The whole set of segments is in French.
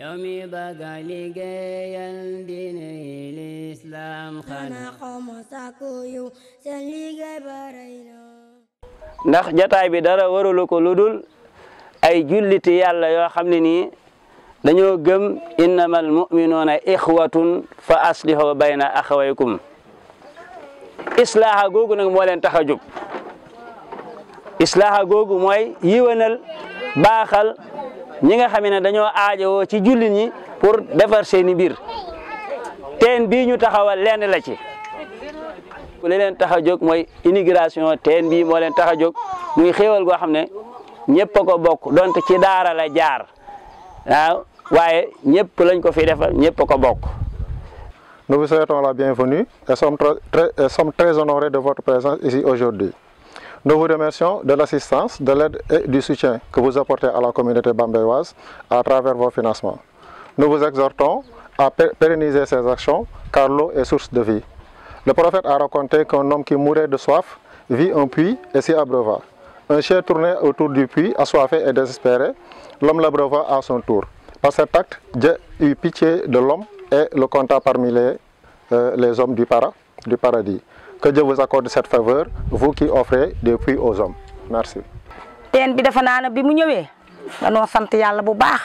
yow mi bëgga liggéeyal diine lislaam xanaa ndax jataay bi dara warulu ko ludul ay julliti yàlla yoo xam ne nii dañoo gëm innamal muminuuna ixwatun fa asliho bayna axawaykum islaaha googu nag moo leen tax a jub islaaha googu mooy yiwanal baaxal ñi nga xam ne dañoo aajowoo ci jullit ñi pour defar seeni biir teen bi ñu taxawal lén la ci ku leen taxajok moy immigration teen bi mo leen taxajok muy xéewal go xamné ñepp ko bok donte ci daara la jaar waaw waaye ñëpp lañ ko fi defal ñepp ko bok Nous vous souhaitons la bienvenue et sommes très, très, sommes très honorés de votre présence ici aujourd'hui. Nous vous remercions de l'assistance, de l'aide et du soutien que vous apportez à la communauté bambéoise à travers vos financements. Nous vous exhortons à pérenniser ces actions car l'eau est source de vie. Le prophète a raconté qu'un homme qui mourait de soif vit un puits et s'y abreuva. Un chien tournait autour du puits, assoiffé et désespéré. L'homme l'abreuva à son tour. Par cet acte, Dieu eut pitié de l'homme et le compta parmi les, euh, hommes du paradis. Que Dieu vous accorde cette faveur, vous qui offrez des puits aux hommes. Merci. teen bi dafa naa bi mu ñëwee danoo sant Yalla bu baax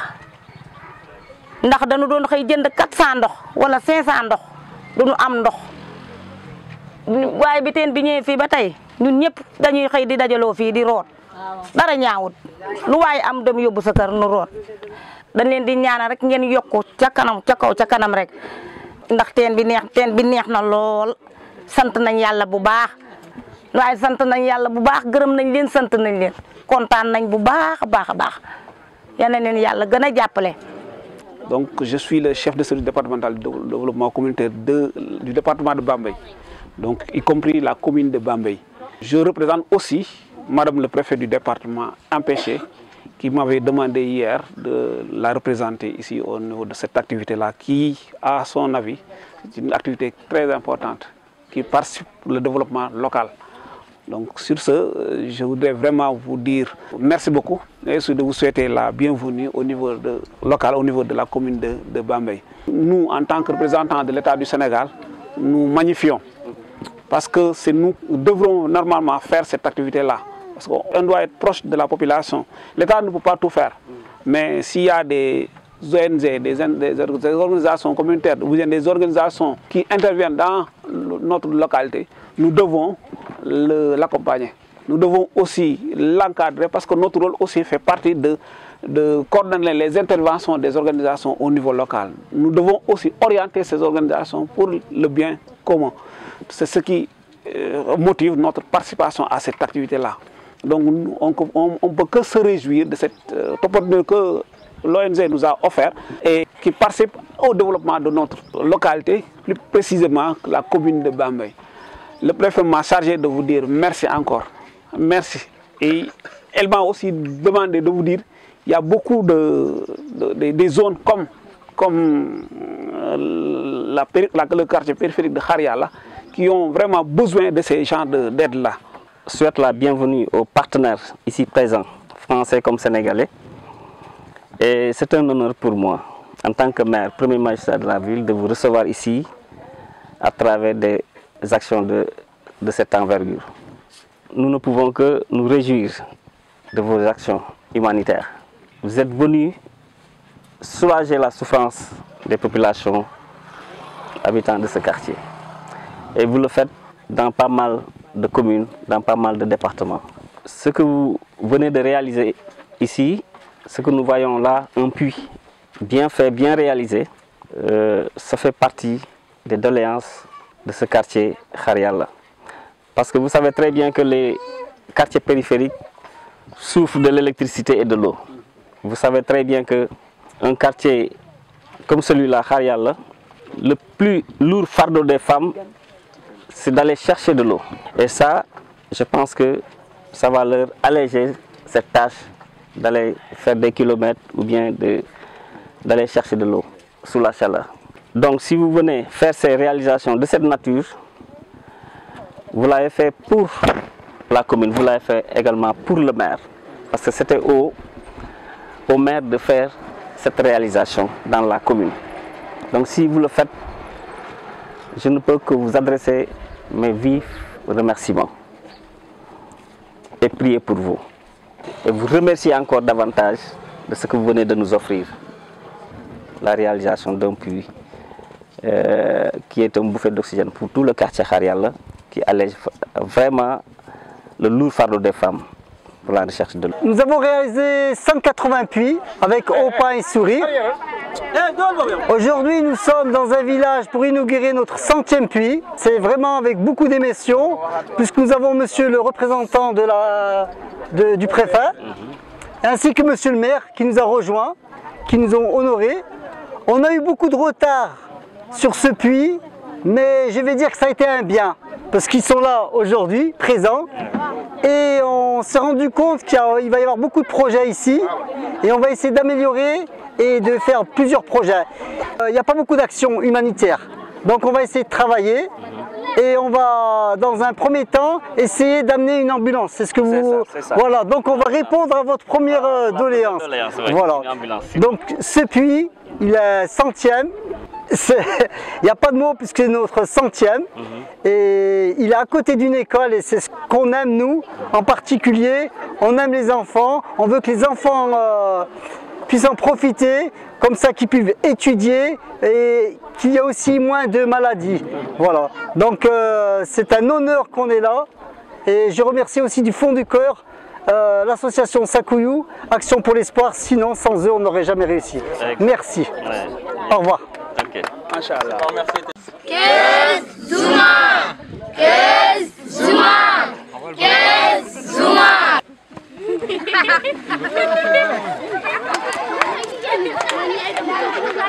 ndax dañu doon xey jënd 400 ndox wala 500 ndox duñu am ndox waaye bi teen bi ñëwé fi ba tay ñun ñëpp dañuy xey di dajalo fi di root dara ñaawut lu waaye am dem yobbu sa kër nu root dañ leen di ñaanal rek ngeen yokku ca kanam ca kaw ca kanam rek ndax teen bi neex teen bi neex na lool donc je suis le chef de service départemental de développement communautaire du département de Bambey donc y compris la commune de Bambey. Je représente aussi Madame le préfet du département empêché qui m'avait demandé hier de la représenter ici au niveau de cette activité-là qui, à son avis, est une activité très importante qui participent le développement local. Donc sur ce, je voudrais vraiment vous dire merci beaucoup et de vous souhaiter la bienvenue au niveau de, local, au niveau de la commune de, Bambay. Nous, en tant que représentants de l'État du Sénégal, nous magnifions parce que nous devrons normalement faire cette activité-là. Parce qu'on doit être proche de la population. L'État ne peut pas tout faire, mais s'il y a des ONG, des, organisations communautaires, des organisations qui interviennent dans notre localité, nous devons l'accompagner. Nous devons aussi l'encadrer parce que notre rôle aussi fait partie de, de coordonner les interventions des organisations au niveau local. Nous devons aussi orienter ces organisations pour le bien commun. C'est ce qui euh, motive notre participation à cette activité-là. Donc on ne peut que se réjouir de cette euh, que l'ONG nous a offert et qui participe au développement de notre localité, plus précisément la commune de Bambay. Le préfet m'a chargé de vous dire merci encore. Merci. Et elle m'a aussi demandé de vous dire il y a beaucoup de, des zones comme, comme euh, la, le quartier périphérique de Khariala qui ont vraiment besoin de ces gens d'aide-là. Je Souhaite la bienvenue aux partenaires ici présents, français comme sénégalais. Et c'est un honneur pour moi, en tant que maire, premier magistrat de la ville, de vous recevoir ici à travers des actions de, cette envergure. Nous ne pouvons que nous réjouir de vos actions humanitaires. Vous êtes venus soulager la souffrance des populations habitants de ce quartier. Et vous le faites dans pas mal de communes, dans pas mal de départements. Ce que vous venez de réaliser ici ce que nous voyons là, un puits bien fait, bien réalisé, euh, ça fait partie des doléances de ce quartier Khariala. Parce que vous savez très bien que les quartiers périphériques souffrent de l'électricité et de l'eau. Vous savez très bien que un quartier comme celui-là, Harial, le plus lourd fardeau des femmes, c'est d'aller chercher de l'eau. Et ça, je pense que ça va leur alléger cette tâche d'aller faire des kilomètres ou bien d'aller chercher de l'eau sous la chaleur. Donc si vous venez faire ces réalisations de cette nature, vous l'avez fait pour la commune, vous l'avez fait également pour le maire. Parce que c'était au, au maire de faire cette réalisation dans la commune. Donc si vous le faites, je ne peux que vous adresser mes vifs remerciements et prier pour vous et vous remercier encore davantage de ce que vous venez de nous offrir. La réalisation d'un puits euh, qui est un bouffet d'oxygène pour tout le quartier harial qui allège vraiment le lourd fardeau des femmes pour la recherche de l'eau. Nous avons réalisé 180 puits avec au pain et sourire. Aujourd'hui, nous sommes dans un village pour inaugurer notre centième puits. C'est vraiment avec beaucoup d'émissions puisque nous avons monsieur le représentant de la du préfet, ainsi que monsieur le maire qui nous a rejoints, qui nous ont honorés. On a eu beaucoup de retard sur ce puits, mais je vais dire que ça a été un bien, parce qu'ils sont là aujourd'hui, présents, et on s'est rendu compte qu'il va y avoir beaucoup de projets ici, et on va essayer d'améliorer et de faire plusieurs projets. Euh, il n'y a pas beaucoup d'actions humanitaires, donc on va essayer de travailler et on va dans un premier temps essayer d'amener une ambulance. C'est ce que vous voilà. Donc on va répondre à votre première euh, doléance. voilà. Donc ce puits, il est centième. il n'y a pas de mots puisque c'est notre centième mhm. et il est à côté d'une école et c'est ce qu'on aime nous en particulier, on aime les enfants, on veut que les enfants euh, en profiter, comme ça qu'ils puissent étudier et qu'il y a aussi moins de maladies. Voilà, donc euh, c'est un honneur qu'on est là et je remercie aussi du fond du cœur euh, l'association Sakuyu, Action pour l'espoir, sinon sans eux on n'aurait jamais réussi. Merci. Au revoir. 你不能这样子，你不